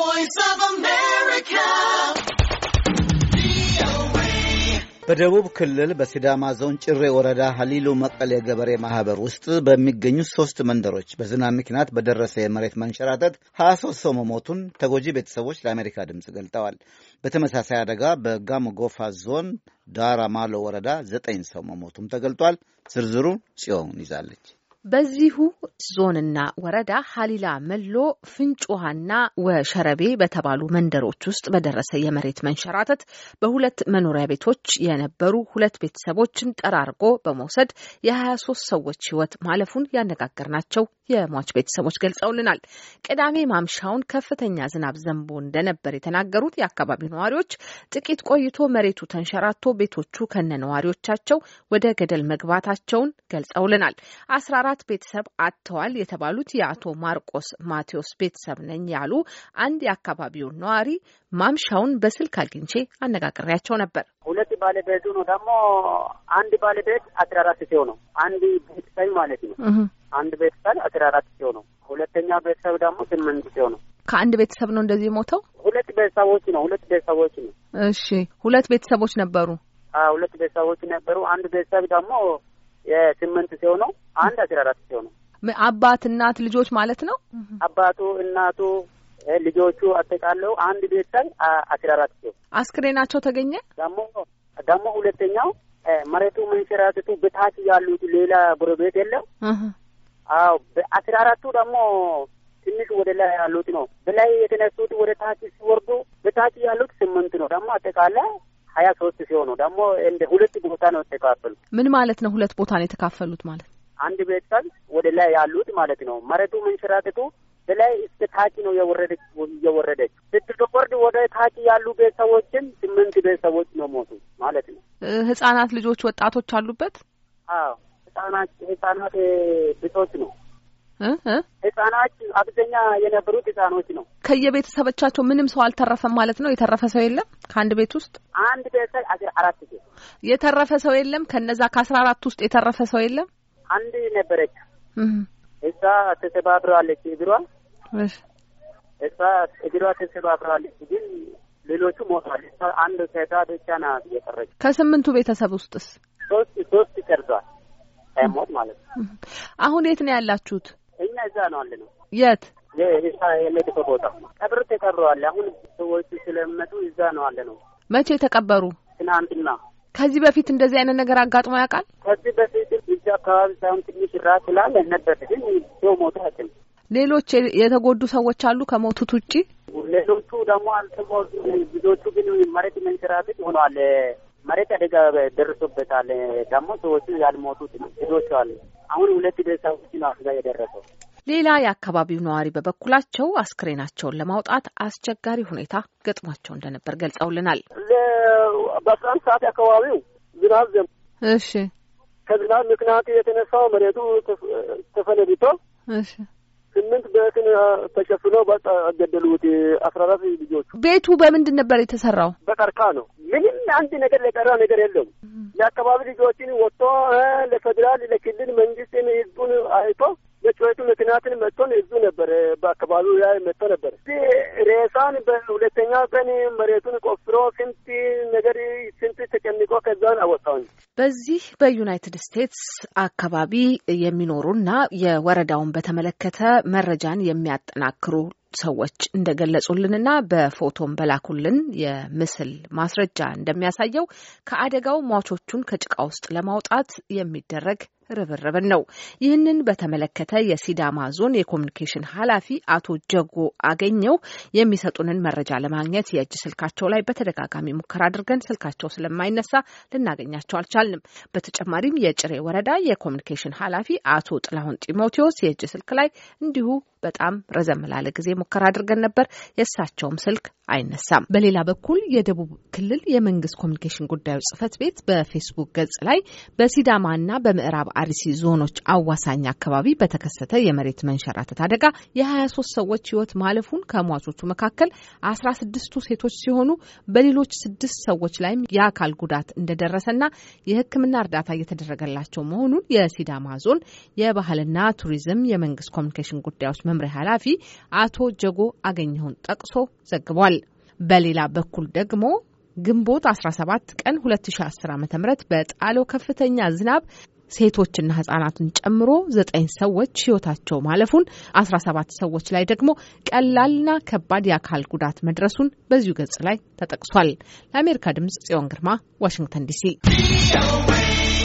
voice of America. በደቡብ ክልል በሲዳማ ዞን ጭሬ ወረዳ ሀሊሉ መቀሌ ገበሬ ማህበር ውስጥ በሚገኙ ሶስት መንደሮች በዝናብ ምክንያት በደረሰ የመሬት መንሸራተት 23 ሰው መሞቱን ተጎጂ ቤተሰቦች ለአሜሪካ ድምፅ ገልጠዋል። በተመሳሳይ አደጋ በጋሞ ጎፋ ዞን ዳራ ማሎ ወረዳ ዘጠኝ ሰው መሞቱም ተገልጧል። ዝርዝሩ ጽዮን ይዛለች። በዚሁ ዞንና ወረዳ ሀሊላ መሎ፣ ፍንጭ ውሃና ወሸረቤ በተባሉ መንደሮች ውስጥ በደረሰ የመሬት መንሸራተት በሁለት መኖሪያ ቤቶች የነበሩ ሁለት ቤተሰቦችን ጠራርጎ በመውሰድ የ23 ሰዎች ሕይወት ማለፉን ያነጋገርናቸው የሟች ቤተሰቦች ገልጸውልናል። ቅዳሜ ማምሻውን ከፍተኛ ዝናብ ዘንቦ እንደነበር የተናገሩት የአካባቢው ነዋሪዎች ጥቂት ቆይቶ መሬቱ ተንሸራቶ ቤቶቹ ከነ ነዋሪዎቻቸው ወደ ገደል መግባታቸውን ገልጸውልናል። አስራ አራት ቤተሰብ አጥተዋል የተባሉት የአቶ ማርቆስ ማቴዎስ ቤተሰብ ነኝ ያሉ አንድ የአካባቢው ነዋሪ ማምሻውን በስልክ አግኝቼ አነጋግሬያቸው ነበር። ሁለት ባለቤቱ ነው ደግሞ አንድ ባለቤት አስራ አራት ሰው ነው። አንድ ቤተሰብ ማለት ነው። አንድ ቤተሰብ አስራ አራት ሰው ነው። ሁለተኛ ቤተሰብ ደግሞ ስምንት ሰው ነው። ከአንድ ቤተሰብ ነው እንደዚህ ሞተው ሁለት ቤተሰቦች ነው። ሁለት ቤተሰቦች ነው። እሺ ሁለት ቤተሰቦች ነበሩ። ሁለት ቤተሰቦች ነበሩ። አንድ ቤተሰብ ደግሞ የስምንት ሰው ነው። አንድ አስራ አራት ሰው ነው። አባት እናት፣ ልጆች ማለት ነው። አባቱ እናቱ ልጆቹ አጠቃለው አንድ ቤት አስራ አራት ሰው አስክሬናቸው ተገኘ። ደግሞ ደግሞ ሁለተኛው መሬቱ መንሸራተቱ በታች ያሉት ሌላ ጎረቤት የለም። አዎ በአስራ አራቱ ደግሞ ትንሽ ወደ ላይ ያሉት ነው። በላይ የተነሱት ወደ ታች ሲወርዱ በታች ያሉት ስምንት ነው። ደግሞ አጠቃላይ ሀያ ሶስት ሲሆኑ ደግሞ እንደ ሁለት ቦታ ነው የተካፈሉት። ምን ማለት ነው? ሁለት ቦታ ነው የተካፈሉት ማለት አንድ ቤተሰብ ወደ ላይ ያሉት ማለት ነው። መሬቱ መንሸራተቱ በላይ እስከ ታች ነው የወረደች እየወረደች ስትወርድ ወደ ታች ያሉ ቤተሰቦችን ስምንት ቤተሰቦች ነው ሞቱ ማለት ነው። ህጻናት ልጆች፣ ወጣቶች አሉበት። አዎ ህጻናት ህጻናት ብቶች ነው ህጻናት አብዛኛ የነበሩት ህጻኖች ነው። ከየቤተሰቦቻቸው ምንም ሰው አልተረፈም ማለት ነው። የተረፈ ሰው የለም ከአንድ ቤት ውስጥ አንድ ቤተሰብ አስራ አራት ቤት የተረፈ ሰው የለም። ከነዛ ከአስራ አራት ውስጥ የተረፈ ሰው የለም። አንድ ነበረች እሷ ተሰባብረዋለች እግሯ እሷ እግሯ ተሰባብራለች፣ ግን ሌሎቹ ሞቷል። እሷ አንድ ሴቷ ብቻ ናት እየቀረች። ከስምንቱ ቤተሰብ ውስጥስ ሶስት ሶስት ይቀርዟል ሳይሞት ማለት ነው። አሁን የት ነው ያላችሁት? እኛ እዛ ነው አለ ነው። የት የሜድፎ ቦታ ቀብር ተቀብረዋል። አሁን ሰዎቹ ስለመጡ እዛ ነው አለ ነው። መቼ ተቀበሩ? ትናንትና። ከዚህ በፊት እንደዚህ አይነት ነገር አጋጥሞ ያውቃል? ከዚህ በፊት እዚህ አካባቢ ሳይሆን ትንሽ ራ ስላለ ነበር፣ ግን ሰው ሞቶ አያውቅም። ሌሎች የተጎዱ ሰዎች አሉ ከሞቱት ውጭ? ሌሎቹ ደግሞ አልተጎዱ። ብዙዎቹ ግን መሬት መንሸራተት ሆኗል። መሬት አደጋ ደርሶበታል። ደግሞ ሰዎቹ ያልሞቱት ብዙዎቹ አሉ። አሁን ሁለት ሰዎች ነው አደጋ የደረሰው። ሌላ የአካባቢው ነዋሪ በበኩላቸው አስክሬናቸውን ለማውጣት አስቸጋሪ ሁኔታ ገጥሟቸው እንደነበር ገልጸውልናል። በአስራ አንድ ሰዓት አካባቢው ዝናብ ዘ እሺ ከዝናብ ምክንያት የተነሳው መሬቱ ተፈነድቶ እሺ ስምንት በትን ተሸፍነው በቃ ገደሉት። አስራ አራት ልጆቹ። ቤቱ በምንድን ነበር የተሰራው? በቀርካ ነው። ምንም አንድ ነገር ለቀራ ነገር የለውም። የአካባቢ ልጆችን ወጥቶ ለፌዴራል ለክልል መንግስትን ህዝቡን አይቶ በጩኸቱ ምክንያትን መጥቶን እዙ ነበር በአካባቢው ላይ መጥቶ ነበር። ሬሳን በሁለተኛ ቀን መሬቱን ቆፍሮ ስንት ነገር ስንት ተጨንቆ ከዛን አወጣውን። በዚህ በዩናይትድ ስቴትስ አካባቢ የሚኖሩና የወረዳውን በተመለከተ መረጃን የሚያጠናክሩ ሰዎች እንደገለጹልንና በፎቶም በላኩልን የምስል ማስረጃ እንደሚያሳየው ከአደጋው ሟቾቹን ከጭቃ ውስጥ ለማውጣት የሚደረግ ርብርብን ነው። ይህንን በተመለከተ የሲዳማ ዞን የኮሚኒኬሽን ኃላፊ አቶ ጀጎ አገኘው የሚሰጡንን መረጃ ለማግኘት የእጅ ስልካቸው ላይ በተደጋጋሚ ሙከራ አድርገን ስልካቸው ስለማይነሳ ልናገኛቸው አልቻልንም። በተጨማሪም የጭሬ ወረዳ የኮሚኒኬሽን ኃላፊ አቶ ጥላሁን ጢሞቴዎስ የእጅ ስልክ ላይ እንዲሁ በጣም ረዘም ላለ ጊዜ ሙከራ አድርገን ነበር። የእሳቸውም ስልክ አይነሳም። በሌላ በኩል የደቡብ ክልል የመንግስት ኮሚኒኬሽን ጉዳዮች ጽህፈት ቤት በፌስቡክ ገጽ ላይ በሲዳማና በምዕራብ አርሲ ዞኖች አዋሳኝ አካባቢ በተከሰተ የመሬት መንሸራተት አደጋ የ23 ሰዎች ህይወት ማለፉን ከሟቾቹ መካከል 16ቱ ሴቶች ሲሆኑ በሌሎች ስድስት ሰዎች ላይም የአካል ጉዳት እንደደረሰና የሕክምና እርዳታ እየተደረገላቸው መሆኑን የሲዳማ ዞን የባህልና ቱሪዝም የመንግስት ኮሚኒኬሽን ጉዳዮች መምሪያ ኃላፊ አቶ ጀጎ አገኘሁን ጠቅሶ ዘግቧል። በሌላ በኩል ደግሞ ግንቦት 17 ቀን 2010 ዓ ም በጣለው ከፍተኛ ዝናብ ሴቶችና ህጻናትን ጨምሮ ዘጠኝ ሰዎች ህይወታቸው ማለፉን 17 ሰዎች ላይ ደግሞ ቀላልና ከባድ የአካል ጉዳት መድረሱን በዚሁ ገጽ ላይ ተጠቅሷል። ለአሜሪካ ድምጽ ጽዮን ግርማ ዋሽንግተን ዲሲ